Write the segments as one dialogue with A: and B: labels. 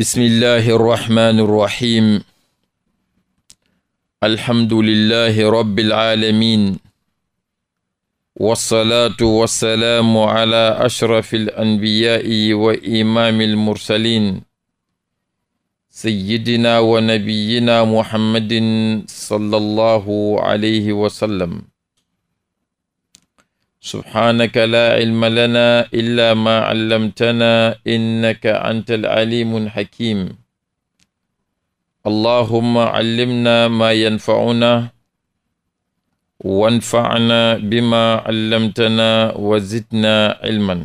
A: bismillahi arrahmani irrahim alhamdulillahi rabbil alamin walsalaatu walsalaamu ala ashrafi alanbiyaai wa imaami almursalin sayidina wa nabiyina muhammadin sallallahu alayhi wa sallam subhaanaka laa ilma lanaa illaa maa allamtanaa innaka anta al-aliimu al-hakiim allahumma allimnaa maa yanfa'unaa wanfa'naa bimaa allamtanaa wa zidnaa ilman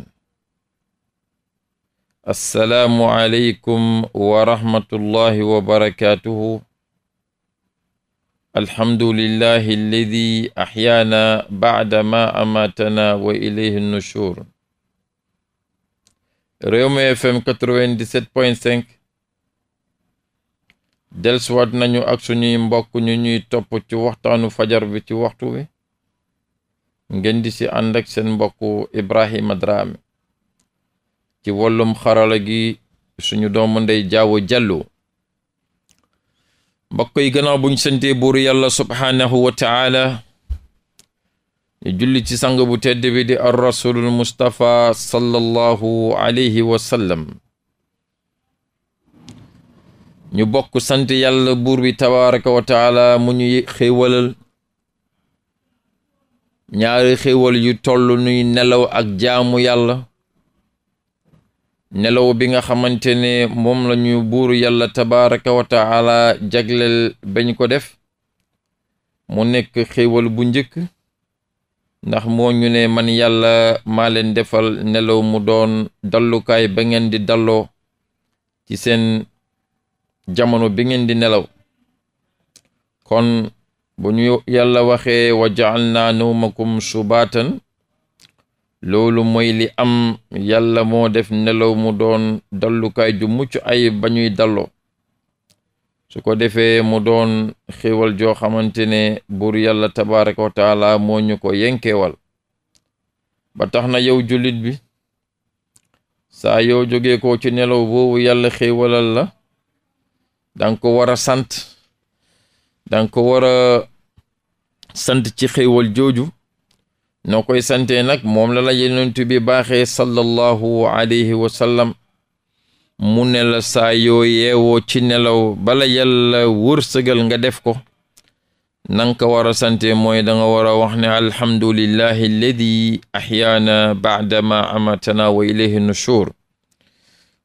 A: assalaamu aleykum wa rahmatullahi wa barakaatuhu alhamdulillahi alladi ahyaana baada ma amaatana wa ilayhi nushur Rewmi FM 97.5 nañu ak suñuy mbokk ñu ñuy topp ci waxtaanu fajar bi ci waxtu wi ngeen di si ànd ak seen mbokk Ibrahima ci wàllum xarala gi suñu doomu ndey jaawo jàllo mbokk yi gannaaw buñ santee buur yàlla subhaanahu wa taala ñu julli ci sang bu tedd bi di ar rasulul mustapha sallallahu alayhi wa ñu bokk sant yàlla buur bi tabaraka wa taala mu ñu xéewalal ñaari xéewal yu toll nuy nelaw ak jaamu yàlla nelaw bi nga xamante ne moom la ñu buur yàlla tabaraka wa jagleel bañ ko def mu nekk xéewal bu njëkk ndax moo ñu ne man yàlla maa leen defal nelaw mu doon dallukaay ba ngeen di dalloo ci seen jamono bi ngeen di nelaw kon bu ñu yàlla waxee wa ja'alnaa nawmakum subaatan loolu mooy li am yàlla moo def nelaw mu doon dallukaay ju mucc ay bañuy ñuy dalloo su ko defee mu doon xéwal joo xamante ne buur yàlla tabaraka wa taala moo ñu ko yenkeewal ba tax na yow jullit bi saa yow ko ci nelaw boobu yàlla xéwalal la danga ko war a sant danga ko war a sant ci xéwal jooju noo koy santee nag moom la la yonent bi baaxee sallallahu alayhi wa sallam mu ne la saa yoo yeewoo ci nelaw bala yàlla wërsëgal nga def ko na ko war a sante mooy danga nga war a wax ne alhamdulillahi alladi ahyaana baadama amatana wa ilayhi nushur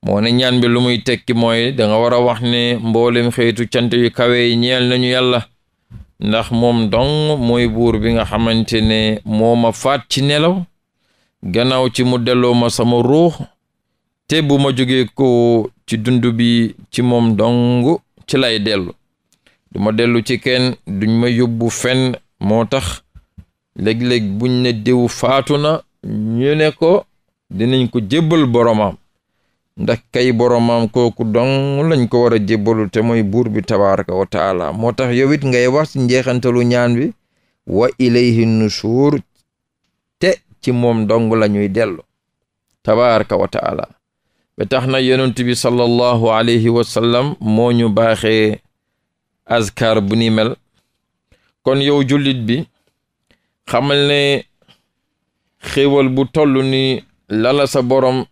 A: moo ne ñaan bi lu muy tekki mooy da nga war a wax ne mboolem xeetu cant yu kawe yi ñeel nañu yàlla ndax moom dong mooy buur bi nga xamante ne moo ma faat ci nelaw gannaaw ci mu delloo ma sama ruux te bu ma jógee ko ci dund bi ci moom dong ci lay dellu du ma dellu ci kenn duñ ma yóbbu fenn moo tax léeg-léeg buñ ne diw faatu na ñu ne ko dinañ ko jébbal boromam ndax kay boroomam kooku dong lañ ko war a jébbalul te mooy buur bi tabaraka wa moo tax yow it ngay wax njeexantalu ñaan bi wa ilayhi nusuur te ci moom dong la ñuy dellu tabaraka tax na yonent bi sallallahu alayhi wa sallam moo ñu baaxee azkar bu ni mel kon yow jullit bi xamal ne xéewal bu toll ni lala sa borom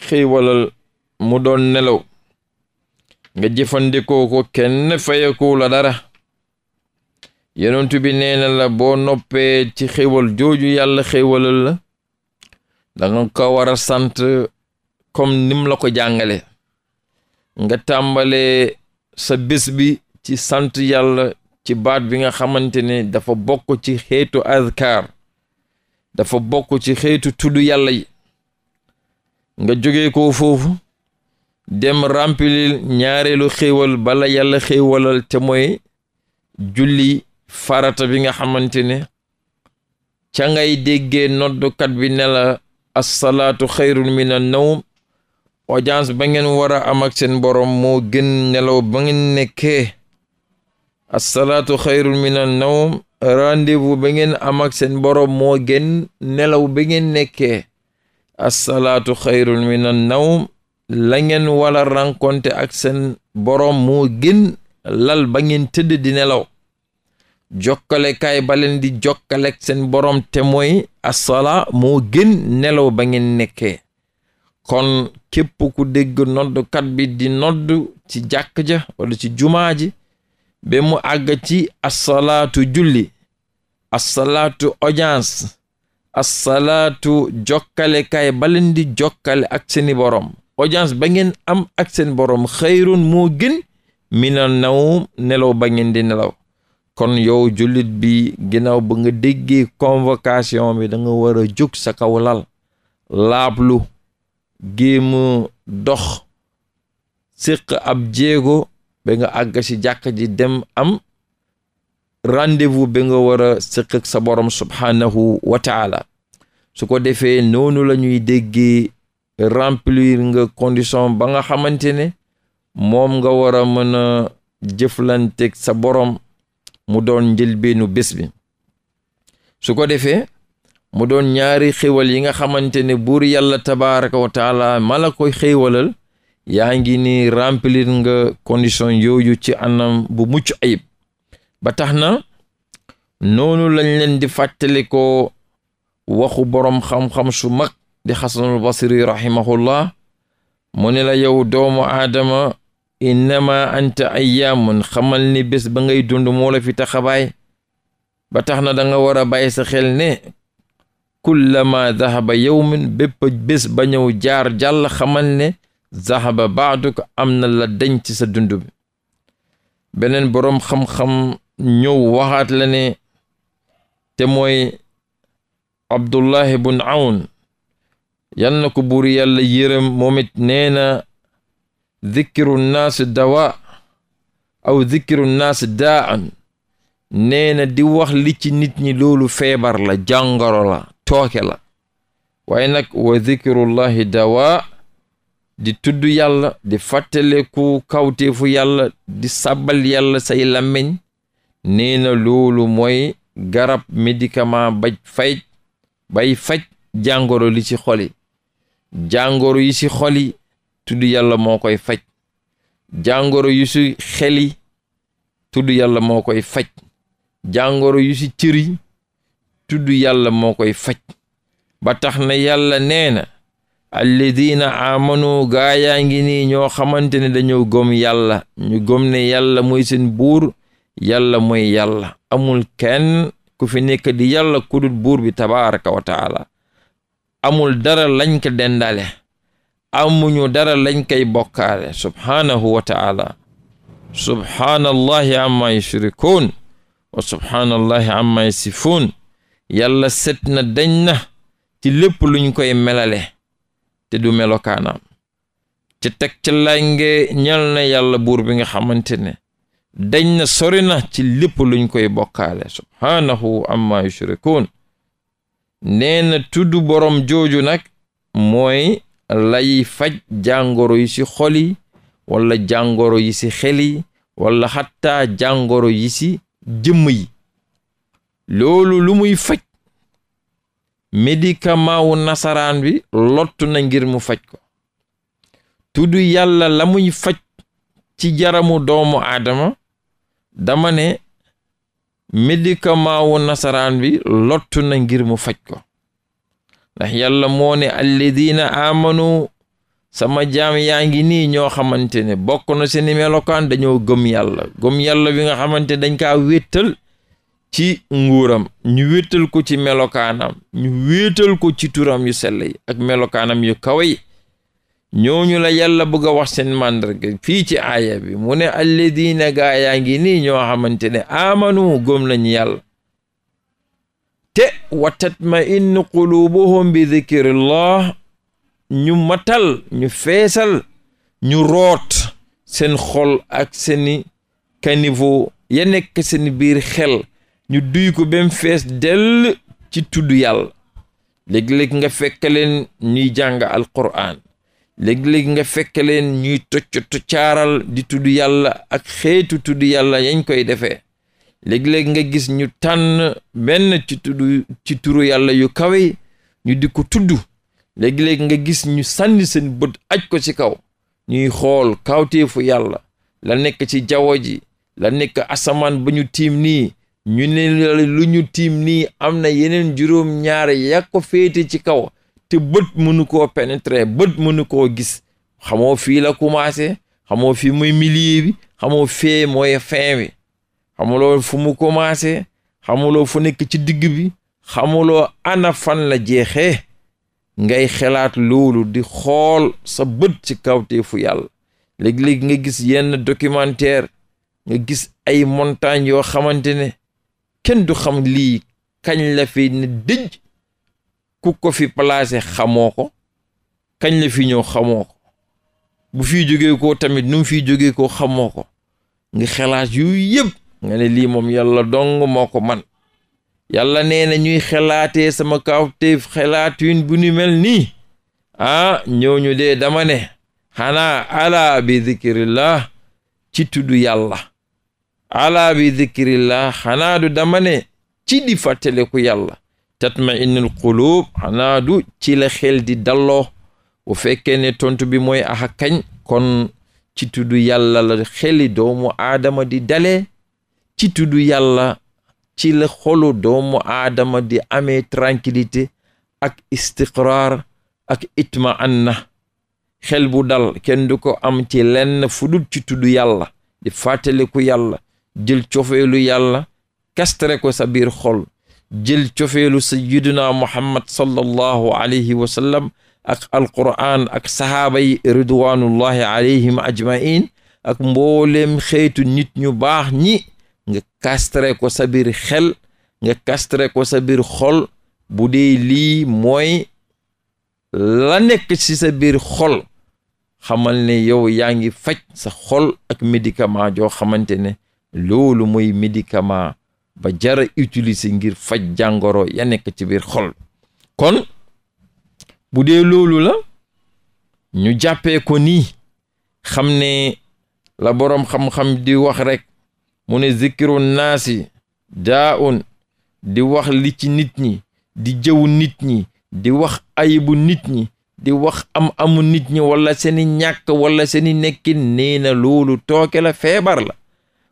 A: xéewalal mu doon nelaw nga jëfandikoo ko kenn fayeku la dara yonentu bi nee la boo noppee ci xewal jooju yàlla xéwalal la danga ko war sant kom nim la ko jàngale nga tàmbalee sa bés bi ci sant yàlla ci baat bi nga xamante ne dafa bokk ci xeetu azkar dafa bokk ci xeetu tuddu yàlla yi nga jógee foofu dem ràmpilil ñaareelu xéewal bala yàlla xéewalal te moy julli farata bi nga xamante ne ca ngay déggee noddukat bi nela la assalaatu xayrun min an nawm audience ba ngeen war a am seen borom moo gën nelaw ba ngeen nekkee assalaatu xayrun min an nawm rendez ba ngeen am borom moo gën nelaw ba ngeen nekkee assalaatu xayrun mi an nawm la ngeen wala rencontre ak seen boroom lal ba ngeen tëdd di nelaw jokkalekaay ba leen di jokkalek seen boroom te mooy asala moo gën nelaw ba ngeen nekkee kon képp ku dégg noddkat bi di nodd ci jàkk ja wala ci jumaa ji ba mu àgg ci asalaatu julli asalaatu audience asalaatu jokkalekaay ba leen di jokkale ak seeni boroom audience ba ngeen am ak seen borom xayrun moo gën mina nawum nelaw ba ngeen di nelaw kon yow jullit bi ginnaaw ba nga déggee convocation bi da nga war a jóg sa kaw lal laablu géemu dox séq ab jeego ba nga àgg ci jàkk ji dem am rendez-vous bi nga war a sëq sa borom subhaanahu wa su ko defee noonu la ñuy remplir nga condition ba nga xamante ne moom nga war a mën a jëflanteeg sa borom mu doon njëlbeenu bés bi su ko defee mu doon ñaari xéwal yi nga xamante ne buur yàlla tabaraka wa mala koy xéwalal yaa ngi ni remplir nga condition yooyu ci anam bu mucc ayib ba tax na noonu lañ leen di fàttali ko waxu boroom xam-xam su mag di xasanul basri rahimahullah mu ne la yow doomu aadama innama anta ayyaamun xamal ni bés ba ngay dund moo la fi taxabaay ba tax na danga war a bàyyi sa xel ne kullama zahaba yawmin bépp bés ba ñëw jaar jàll xamal ne zahaba baaduk am na la denc ci sa dund bi beneen boroom xam-xam ñëw waxaat la ne te mooy abdullahi bun awn yal na ko buur yàlla yërëm moom it nee naas dawa aw dikkiru naas daan nee na di wax li nit ñi loolu feebar la jàngoro la tooke la waaye nag wa dikrullahi dawa di tudd yàlla di fàttaleku kawteefu yàlla di sàbbal yàlla say làmmiñ nee na loolu mooy garab médicament bay faj bay faj jàngoro li ci xoli jàngoro yu ci xol yi tudd yàlla moo koy faj jàngoro yu ci xel yi tudd yàlla moo koy faj jàngoro yu ci cër yi tudd yàlla moo koy faj batax na yàlla nee na alladina amanu gaayaa ngi nii ñoo xamante ne dañoo gom yàlla ñu gom ne yàlla mooy seen buur yàlla mooy yàlla amul kenn ku fi nekk di yàlla ku buur bi tabaraka wa amul dara lañ ko dendale amuñu dara lañ koy bokkaale subhaanahu wa ta'ala subhaanallahi amma wa subhaanallahi amma yasifun yàlla set na dañ na ci lépp luñ koy melale te du melokaanaam ci teg ci lange ñal na yàlla buur bi nga xamante ne dañ na sori na ci lépp luñ koy bokkaale subhaanahu amma yushrikuun neena na tudd boroom jooju nag mooy lay faj jàngoro yi ci xol yi walla jàngoro yi ci xel yi walla xattaa jàngoro yi ci jëmm yi loolu lumuy faj médicament wu nasaraan bi lottu na ngir mu faj ko tudd yàlla lamuy faj ci jaramu doomu aadama dama médicament wu nasaraan bi lottu na ngir mu faj ko ndax yàlla moo ne alladina amanu sama jaam yaa ngi nii ñoo xamante ne bokk na seeni melokaan dañoo gëm yàlla gëm yàlla bi nga xamante dañ ka wéttal ci nguuram ñu wéttal ko ci melokaanam ñu wéttal ko ci turam yu sell ak melokaanam yu kawe yi ñooñu la yàlla bëgg a wax seen màndarga fii ci aaya bi mu ne alladina gaa yaa ngi nii ñoo xamante ne amanu gëm nañu yàlla te watatma inn qulubuhum bi dikrillah ñu matal ñu feesal ñu root seen xol ak seeni caniveau ya nekk seen biir xel ñu duy ko bem fees dell ci tudd yàlla léeg nga fekk leen ñuy jàng alquraan léegi-léegi nga fekk leen ñuy tocc toccaaral di tudd yàlla ak xeetu tudd yàlla yañ koy defee léegi-léegi nga gis ñu tànn benn ci turu yàlla yu kawe ñu di ko tudd léegi-léegi nga gis ñu sànni seen bët aj ko ci kaw ñuy xool kawteefu yàlla la nekk ci jaww ji la nekk asamaan ba ñu tiim nii ñu ne lu ñu tiim nii am na yeneen juróom ñaar ya ko féete ci kaw te bët mënu koo pénétrer bët mënu koo gis xamoo fii la commencé xamoo fii muy milieu xamoo fee mooy fin bi xamuloo fu mu commencé xamuloo fu nekk ci digg bi xamuloo ana fan la jeexee ngay xalaat loolu di xool sa bët ci kawteefu yàlla léegi-léegi nga gis yenn documentaire nga gis ay montagne yoo xamante ne kenn du xam lii kañ la fi ne dëj ku ko fi placé xamoo ko kañ la fi ñëw xamoo ko bu fi jógee koo tamit nu fi fiy jógee koo xamoo ko nga xalaat yu nga ne lii moom yàlla dong moo ko man yàlla nee na ñuy xelaatee sama te xelaat wi bu ñu mel nii ah ñooñu dee dama ne xanaa ala bi zikrillah ci tuddu yàlla ala bi zikrillah xanaa du dama ne ci di fàttaleku yàlla tatma innul qulub xanaa du ci la xel di dalloo bu fekkee ne tontu bi mooy axa kon ci tuddu yàlla la xeli doomu aadama di dale ci tuddu yàlla ci la xolu doomu aadama di ame tranquillité ak istiqraar ak itma na xel bu dal kenn du ko am ci lenn fu dul ci tuddu yàlla di fàttaliku yàlla jël cofeelu yàlla kastre ko sa biir xol jël cofeelu sayyiduna muhammad sallallahu alayhi wa sallam ak alquran ak sahaaba yi ridwanullahi alayhim ajmain ak mboolem xeetu nit ñu baax ñi nga kastre ko sa biir xel nga kastre ko sa xol bu dee lii mooy la nekk ci sa biir xol xamal ne yow yaa ngi faj sa xol ak médicament joo xamante ne loolu mooy médicament ba jara utiliser ngir faj jàngoro ya nekk ci biir xol kon bu dee loolu la ñu jàppee ko nii xam ne la boroom xam-xam di wax rekk mu ne zikiru naasi daa un di wax li ci nit ñi di jëwu nit ñi di wax ayibu nit ñi di wax am amu nit ñi walla seeni ñàkk walla seeni nekkin nee na loolu tooke la feebar la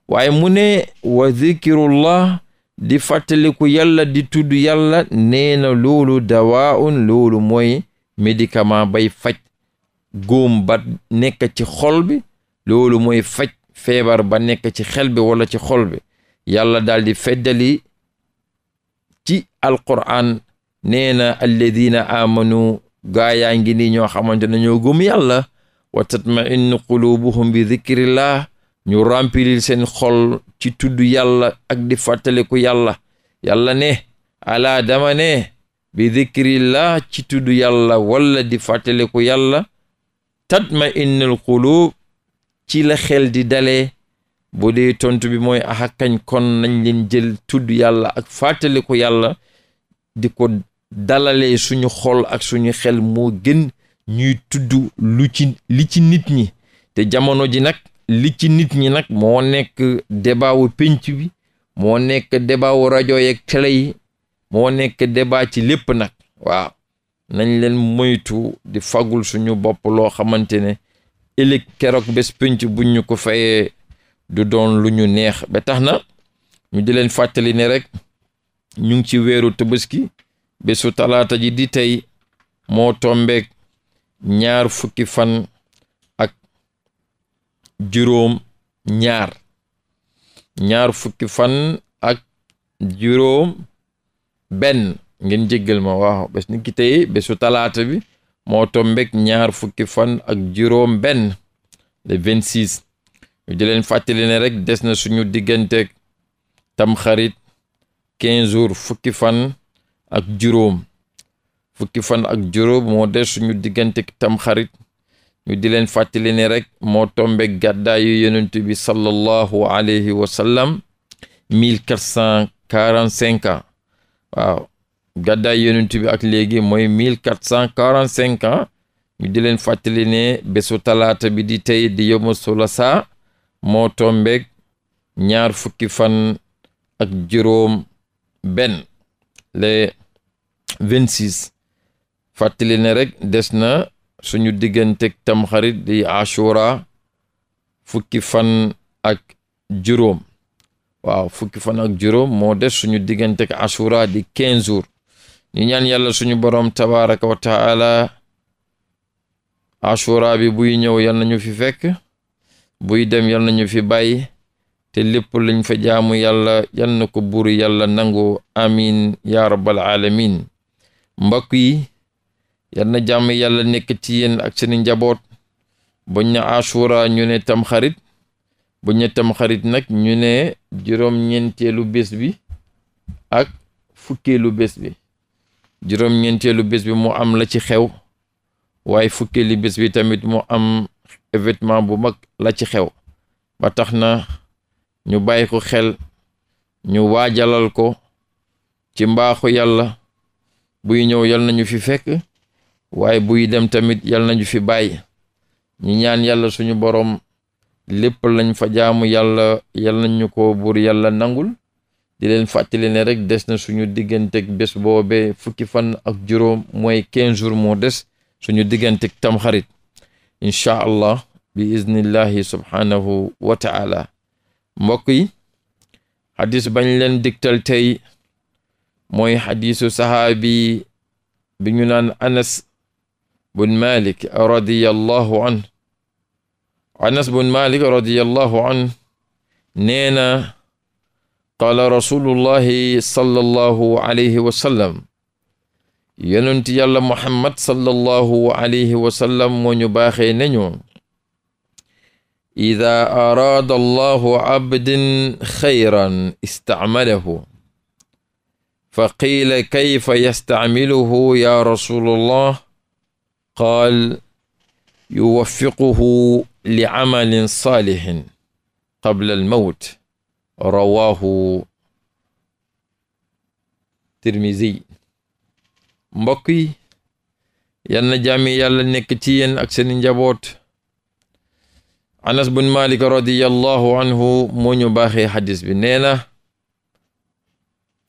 A: waaye mu ne wa zikirullah di fàttaliku yàlla di tudd yàlla nee na loolu dawaun loolu mooy médicament bay faj góom ba nekk ci xol loolu mooy faj feebar ba nekk ci xel bi wala ci xol bi yàlla daal di feddali ci alquran nee na alladina amanu gaayaa ngi nii ñoo xamante ne ñoo gëm yàlla wa tatma'innu qulubuhum ñu remplir seen xol ci tuddu yàlla ak di fàttaliku yàlla yàlla ne ala dama ne bi dikrillah ci tuddu yàlla walla di fàttaliku yàlla tatma innal qulub ci la xel di dalee bo dee tontu bi mooy axa kon nañ leen jël tudd yàlla ak ko yàlla di ko dalale suñu xol ak suñu xel moo gën ñuy tuddu lu ci li ci nit ñi te jamono ji nag li ci nit ñi nag moo nekk débat wu pénc bi moo nekk débat wu rajo yeeg télé moo nekk débat ci lépp nag waaw nañ leen moytu di fagul suñu bopp loo xamante ne ëllëg keroog bés pinc buñ ñu ko fayee du doon lu ñu neex ba tax na ñu di leen fàttali ne rek ñu ngi ci weeru tabaski bésu talaata ji di tey moo tombeek ñaar fukki fan juróom ñaar ñaar fukki fan ak juróom benn ngeen jéggal ma waaw bés ni ki talaata bi moo tombek ñaar fukki fan ak juróom benn le vingt six ñu di leen fàttali ne rek des na suñu diggante tamxarit quinze jours fukki fan ak juróom fukki fan ak juróom moo des suñu digganteeg tamxarit ñu di leen fàttali ne rek moo tombe gàddaayu yonent bi sallallahu alayhi wa sallam mille quatre cent quarante cinq ans gàddaay yonent bi ak léegi mooy mille quatre cent quarante cinq ans di leen fàttali ne bésu talaata bi di tey di yoma sulasaa moo tombeeg ñaar fukki fan ak juróom benn le vingt six fàttali ne rek des na suñu digganteeg tamxarit di ashura fukki fan ak juróom waaw fukki fan ak juróom moo des suñu digganteeg ashura di quinze jours ñu ñaan yàlla suñu borom tabaraka wa taala bi buy ñëw yal nañu fi fekk buy dem yal nañu fi bàyyi te lépp lañ fa jaamu yàlla yal na ko buur yàlla nangu amin ya rabbal alamin mbokk yi yal jàmm yàlla nekk ci yéen ak seeni njaboot buñ ne asura ñu ne tamxarit buñ ne tamxarit nag ñu ne juróom-ñeenteelu bés bi ak fukkeelu bés bi juróom-ñeenteelu bés bi mu am la ci xew waaye fukkeelu bés bi tamit mu am événement bu mag la ci xew ba tax na ñu bàyyi ko xel ñu waajalal ko ci mbaaxu yàlla buy ñëw yal nañu fi fekk waaye buy dem tamit yal nañu fi bàyyi ñu ñaan yàlla suñu borom lépp lañ fa jaamu yàlla yal nañu ko buur yàlla nangul di leen fàttali ne rek des na suñu digganteeg bés boobee fukki fan ak juróom mooy quinze jours moo des suñu digganteeg tamxarit incha allah bi iznillahi subhaanahu wa taala mbokk yi xadis bañ leen digtal tey mooy xadisu sahaabi bi ñu naan anas bun malik radiyallahu an anas bun malik radiyallahu an nee na qaala rasulullahi sallallahu alayhi wa sallam yonent yàlla muhammad sallallahu alayhi wa sallam moo ñu baaxee nañu ida araada allahu abdan xayran istacmalahu fa qiila kayfa yastacmiluhu ya rasulullah qaal yuwaffiquhu li amalin saalihin qabla almawt rawahu tirmisi mbokk yi yal na jàmmi yàlla nekk ci yéen ak seen njaboot anas bun malik radiyallahu anhu moo ñu baaxee xadis bi nee na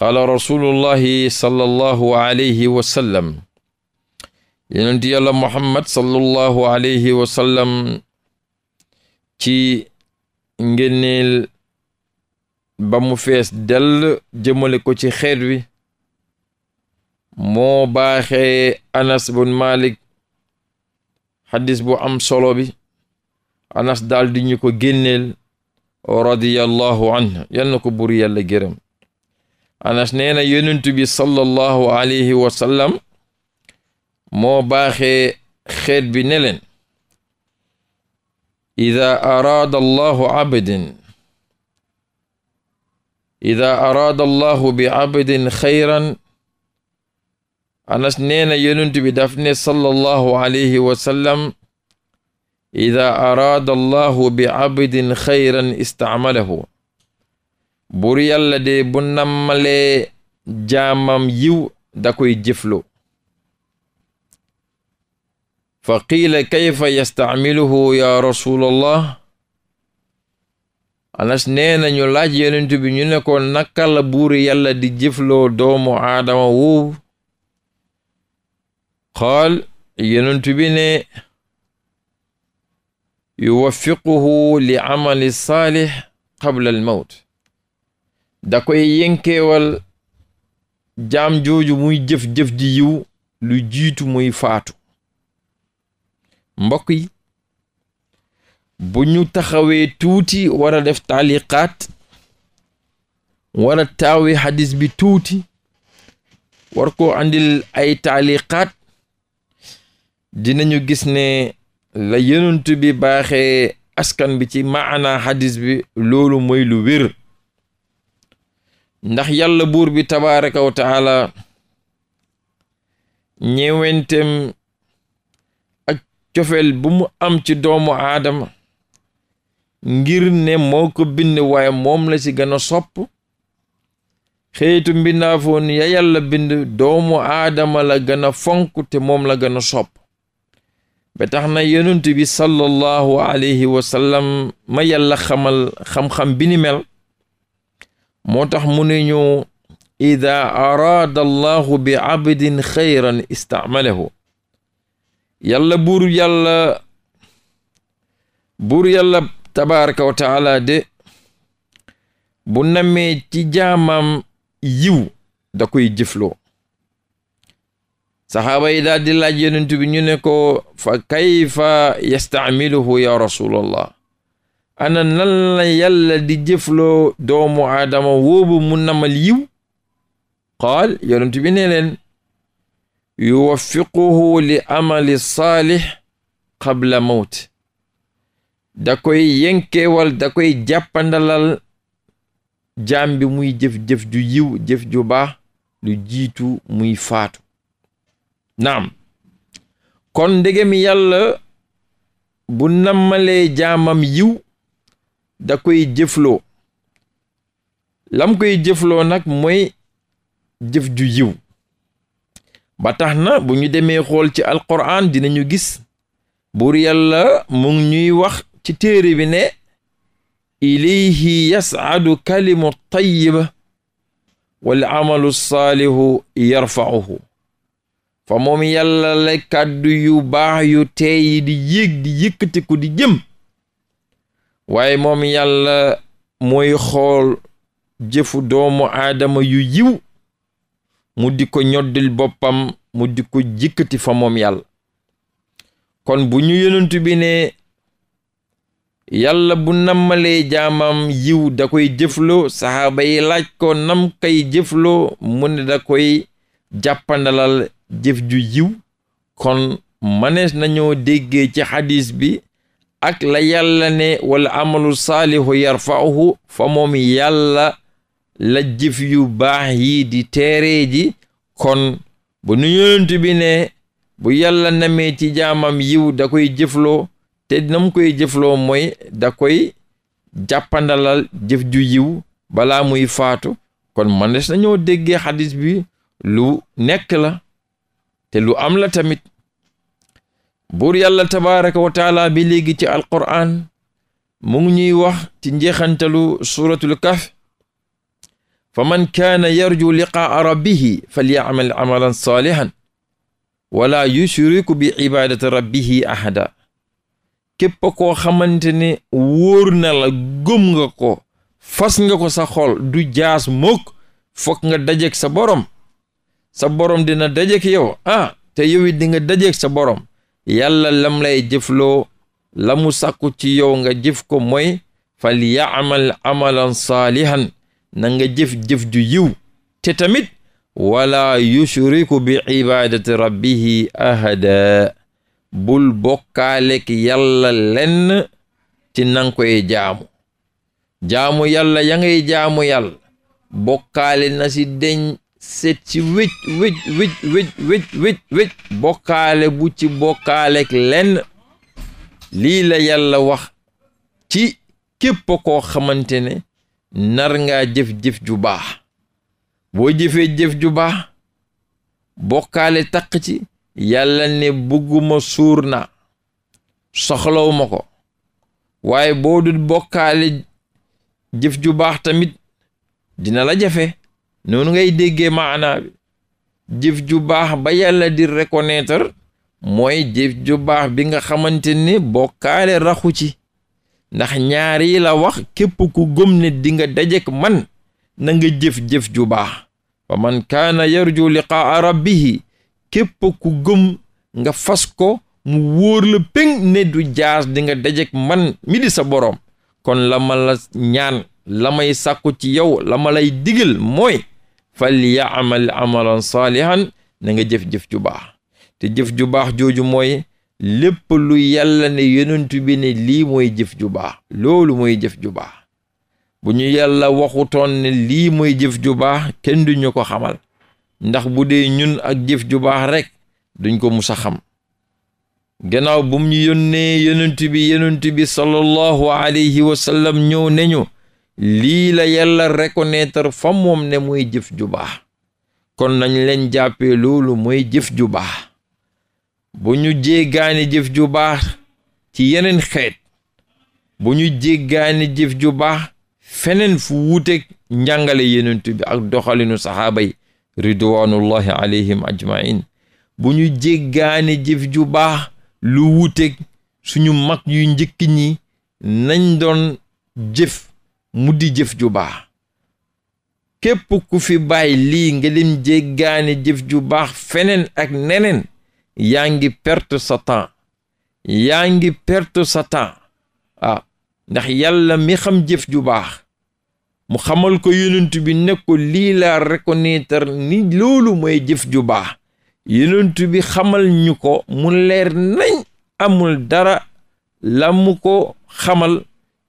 A: qaala rasulullahi sallallahu alayhi wa sallam yonent yàlla muhammad sallallahu alayhi wa sallam ci ngénneel ba mu fees dell jëmale ko ci xeet wi moo baaxe anas bun malik xadis bu am solo bi anas daal ñu ko génneel radiyallahu anhu yal ko buur yalla gërëm anas nee na bi sallallahu alayhi wa moo baaxe xeet bi ne leen ida araada allahu abdin ida bi abdin xayran anas nee na bi daf ne sallallahu alayhi wa sallam ida araada allahu bi yàlla de bu nammalee jaamam yiw da koy fa qiila kayfa yastacmiluhu ya rasulallah anas nee ñu laaj yonent bi ñu ne ko naka la buur yàlla di jëfloo doomu aadama woowu qaal yonent bi ne yuwaffiquhu li amali saalix qabla al mawt da koy yenkeewal jaam jooju muy jëf-jëf ji yiw lu jiitu muy faatu mbokk yi bu ñu taxawee tuuti war def taaliqaat war a taawi hadis bi tuuti war koo andil ay taaliqaat dinañu gis ne la yonent bi baaxe askan bi ci maana hadis bi loolu mooy lu wér ndax yàlla buur bi tabaaraka wa taala cofeel bu mu am ci doomu aadama ngir ne moo ko bind waaye moom la ci gën a sopp xeetu mbindaafoon ya yàlla bind doomu aadama la gën a fonk te moom la gën a sopp ba tax na yonent bi sallallahu alayhi wa ma yàlla xam-xam bi ni moo tax mu ne ñu ida araada allahu bi abdin xayran istaamalahu yàlla buur yàlla buur yàlla tabaraka wa de bu namee ci jaamam yiw da koy jëfloo saxaaba yi daal di laaj yonent bi ñu ne ko fa kayfa yastaamiluhu ya rasulallah ana nan la yàlla di jëfloo doomu aadama woobu mu namal yiw qaal yonent bi yuwaffiquhu li amali saalih qabla mawt da koy yenkeewal da koy jàppandalal jaam bi muy jëf-jëf ju yiw jëf ju baax lu jiitu muy faatu naam kon ndegem yàlla bu nammalee jaamam yiw da koy jëfloo lam koy jëfloo nag mooy jëf ju yiw ba tax na bu ñu demee xool ci alquran dinañu gis bur yàlla mu ñuy wax ci téere bi ne ilayhi yasaadu kalimu tayiba wal amalu saalihu yarfauhu fa moom yàlla la kàddu yu baax yu teey di yéeg di yëkkatiku di jëm waaye moom yàlla mooy xool jëfu doomu aadama yu yiw mu di ko ñoddil boppam mu ko jikkati fa yàlla kon bu ñu yonentu bi ne yàlla bu nammalee jaamam yiw dakoy jëfloo saxaaba yi laaj ko nam kay jëfloo mu ne da koy jàppandalal jëf ju yiw kon manees nañoo déggee ci xadis bi ak la yàlla ne wala amalu saalihu yarfa'uhu fa moom yàlla la jëf yu baax yi di teeree ji kon bu nu bi ne bu yàlla namee ci jaamam yiw da koy jëfloo te nam koy jëfloo mooy da koy jàppandalal jëf ju yiw balaa muy faatu kon manes nañoo déggee xadis bi lu nekk la te lu am la tamit bur yàlla tabaraka wa taala bi léegi ci alquran mu ngi ñuy wax ci njeexantalu suratul kaf fa man kaana yarju liqaa rabbihi falyaamal amalan saalihan wala yushriku bi ibadati rabbihi ahada képp koo xamante ne wóor na la gëm nga ko fas nga ko sa xol du jaas mukk fokk nga dajeek sa borom sa borom dina dajeek yow ah te yow dinga dajek sa borom yàlla lam lay jëfloo la mu sàkku ci yow nga jëf ko mooy fal yaamal amalan saalihan na nga jëf-jëf ju yiw te tamit wala yushriku bi ibadati rabbihi ahada bul bokkaalek yàlla lenn ci nang koy jaamu jaamu yàlla ya ngay jaamu yàlla bokkaale na si deñ set ci wéj wéj wéj wéj wéj wéj bokkaale bu lenn lii la yàlla wax ci képp koo xamante ne nar nga jëf-jëf ju baax boo jëfee jëf ju baax bokkaale taq ci yàlla ne bugguma suur na soxlaw ko waaye boo du bokkaale jëf ju baax tamit dina la jafe noonu ngay déggee maanaa bi jëf ju baax ba yàlla di reconnaître mooy jëf ju baax bi nga xamante ne bokkaale raxu ci ndax ñaar yi la wax képp ku gëm ne dinga dajek man na nga jëf-jëf ju baax man kaana yarju liqaa rabbihi képp ku gëm nga fas ko mu wóor la ne du jaas dinga nga dajek man mi di sa borom kon la ma ñaan la may sàkku ci yow la ma lay digal mooy fal yaamal amalan saalihan na nga jëf-jëf ju baax te jëf ju baax jooju mooy lépp lu yàlla ne yonentu bi ne lii mooy jëf ju baax loolu moy jëf ju baax bu ñu yàlla waxutoon ne lii mooy jëf ju baax kenn duñu ko xamal ndax bu dee ñun ak jëf ju baax rekk duñ ko musa xam gannaaw bum ñu yónnee yonent bi yonent bi sallallahu alayhi wa sallam ñëw nañu lii la yàlla reconnaître fa moom ne mooy jëf ju baax kon nañ leen jàppee loolu mooy jëf ju baax bu ñu jéggaani jëf ju baax ci yeneen xeet bu ñu jéggaani jëf ju baax feneen fu wuuteeg njàngale yenentu bi ak doxalinu saxaaba yi ridwanullahi alayhim ajmain bu ñu jéggaani jëf ju baax lu wuuteeg suñu mag yu njëkk ñi nañ doon jëf mu di jëf ju baax képp ku fi bàyyi lii nga lim jéggaani jëf ju baax feneen ak neneen yaa ngi perte sa yaa ngi perte sa temps ah ndax yàlla mi xam jëf ju baax mu xamal ko yonent bi ne ko lii laa reconnaître ni loolu mooy jëf ju baax yonent bi xamal ñu ko mu leer nañ amul dara la ko xamal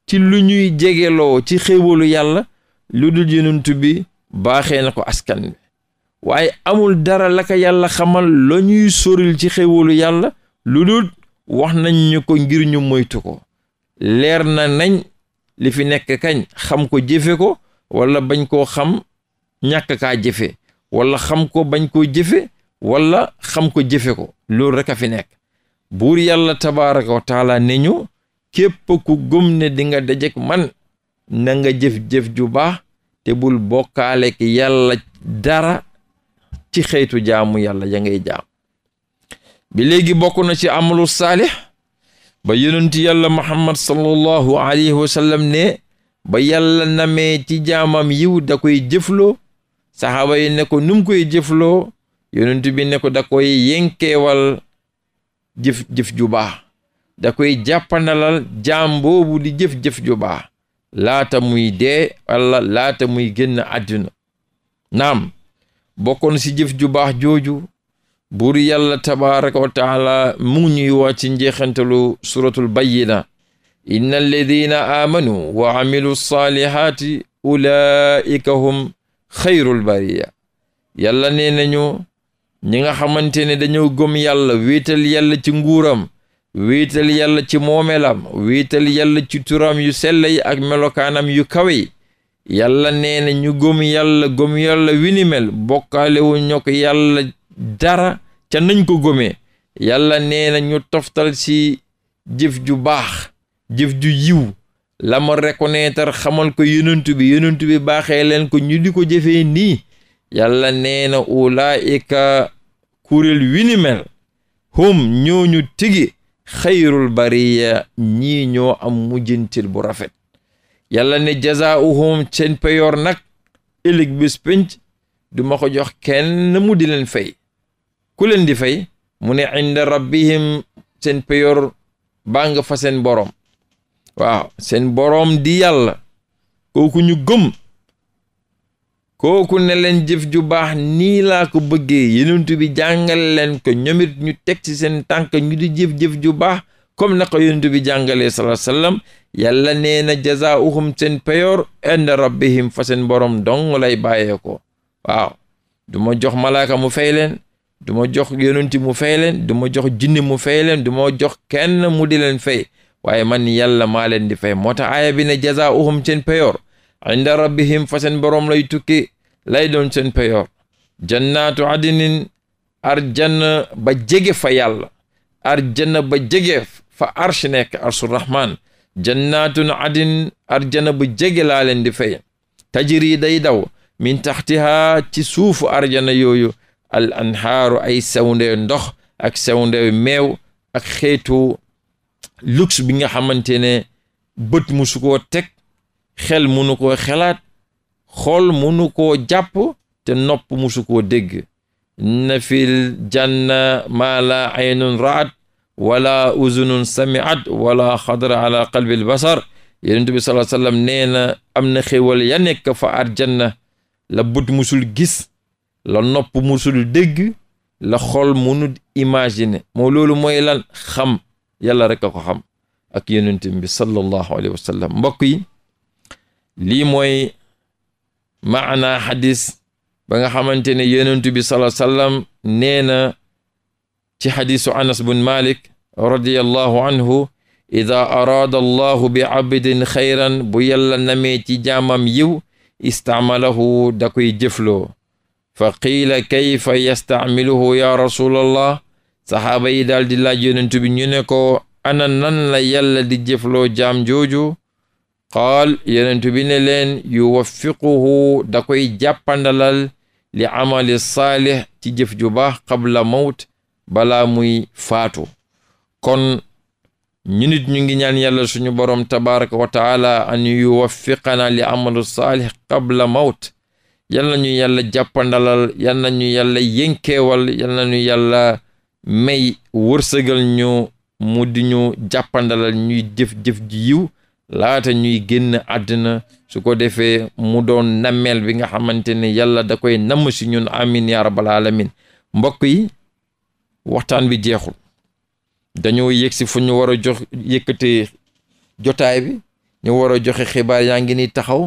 A: ci lu ñuy jegeloo ci xéewalu yàlla lu dul bi baaxee na ko askan wi waaye amul dara laka ko yàlla xamal loñuy ñuy soril ci xéwalu yàlla lu dul wax nañ ñu ko ngir ñu moytu ko leer na nañ li fi nekk kañ xam ko jëfe ko walla bañ koo xam ñàkk kaa jëfe walla xam ko bañ koo jëfe wala xam ko jëfe ko loolu rek a fi nekk buur yàlla tabaaraka wa taala ne ñu képp ku gëm ne di dajek man na nga jëf-jëf ju baax te bul bokkaale ki yàlla dara ci xeetu jaamu yàlla ya ngay jaam bi léegi bokk na ci amalu saalix ba yonenti yàlla muhammad sallallahu alayhi wa ne ba yàlla namee ci jaamam yiw da koy jëfloo saxaaba yi ne ko num koy jëfloo yonent bi ne ko da koy yenkeewal jëf jëf ju baax da koy jàppandalal jaam boobu di jëf jëf ju baax laata muy dee walla laata muy génn àdduna naam bokkoon si jëf ju baax jooju buur yàlla tabaraka wa taala mu ñuy wàcc njeexantalu suratul bayyina inna alladina amanu wa amilu saalihaati ulaika hum xayrul bariya yàlla nee nañu ñi nga xamante ne dañoo gom yàlla wéetal yàlla ci nguuram wéetal yàlla ci moomelam wéetal yàlla ci turam yu sell ak melokaanam yu kawe yàlla nee ñu gëm yàlla gom yàlla winimel mel bokkaale wu ñoo ko yàlla dara ca nañ ko gome yàlla nee na ñu toftal si jëf ju baax jëf ju yiw la ma reconnaître xamal ko yonent bi yonent bi baaxee leen ko ñu di ko jëfee nii yàlla nee na ulaa'ika kuréel wini mel hum ñooñu tigi xayrul bariya ñii ñoo am mujjantil bu rafet yàlla ne jazaa'uhum seen peyoor nag ëllëg bés pénc ko jox kenn mu di leen fay ku leen di fay mu ne inda rabbihim seen peyoor baa fa seen boroom waaw seen boroom di yàlla kooku ñu gëm kooku ne leen jëf ju baax nii laa ko bëggee yenentu bi jàngal leen ko ñoomit ñu teg ci seen tànk ñu di jëf-jëf ju baax comme na ko yonent bi jàngalee salaa sallam yàlla nee na jazaauhum seen peyoor inda rabbihim fa seen borom dong lay bàyyee ko waaw du jox malaaka mu fay leen du ma jox yonent mu fay leen du ma jox jinni mu fay leen du ma jox kenn mu di leen fay waaye man yàlla maa leen di fay moo tax aaya bi ne jazaauhum seen peyoor inda rabbihim fa seen borom lay tukki lay doon seen peyoor jannaatu adinin arjanna ba jege fa yàlla arjanna ba jege fa arsh nekk arshur rahman jannaatun adin arjana bu jege laa leen di fay tajri day daw min taxtiha ci suufu arjana yooyu al anhaaru ay sawndew ndox ak sawndew meew ak xeetu luxe bi nga xamante ne bët musu koo teg xel munu koo xelaat xool munu koo jàpp te nopp musu koo dégg janna maa laa aynun raat wala uzunun samiat wala xadara ala qalbil basar yonent bi sallallahu sallam nee na am na xéwal ya nekk fa arjanna la but musul gis la nopp musul dégg la xol munut imaginer moo loolu mooy lan xam yàlla rek a ko xam ak yonent bi sallallahu alayhi wa sallam mbokk yi lii mooy maana xadis ba nga xamante ne yonent bi sallallahu alayhi sallam nee na ci xadiisu anas bun malik radiallahu anhu ida araada allahu bi abdin xayran bu yàlla namee ci jaamam yiw istaamalahu da koy jëfloo fa qiila kayfa yastaamiluhu ya rasulallah saxaaba yi daal di laaj yonentu bi ñu ne ko ana nan la yàlla di jëfloo jaam jooju qaal yonentu bi ne leen yuwaffiquhu da koy jàppandalal li amali saalix ci jëf ju baax qabla mawt balaa muy faatu kon ñu nit ñu ngi ñaan yàlla suñu boroom tabaraka wa taala an yuwaffiqana li amalu saalih qabla mawt yal na ñu yàlla jàppandalal yal na ñu yàlla yënkeewal yal may wërsëgal ñu mu di ñu jàppandalal ñuy jëf-jëf ji yiw laata ñuy génn àddina su ko defee mu doon nammeel bi nga xamante ne yàlla da koy namm si ñun amin ya rabbal alamin mbokk waxtaan bi jeexul dañoo yegg si fu ñu war a jox yëkkatee jotaay bi ñu war a joxe xibaar yaa ngi ni taxaw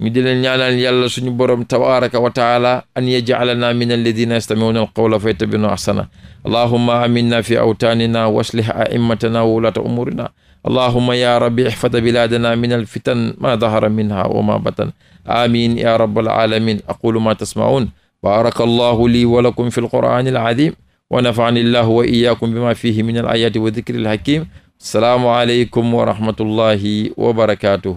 A: ñu di leen ñaanal yàlla suñu borom tabaraka wa taala an yajalana min alladina yastamiuna alqawla fa yattabiuna ahsana allahuma aminna fi awtanina wa wa wulata umurina allahuma ya rabbi ihfada biladana min alfitan ma dahara minha wa ma batan amin ya rabbal alamin ma tasmaun baraka allahu li wa lakum fi alqurani alazim wa nafaani illahu wa iyaakum bima fihi min al ayaati wa dikri al hakim salaamu aleykum wa rahmatullahi wa barakaatuhu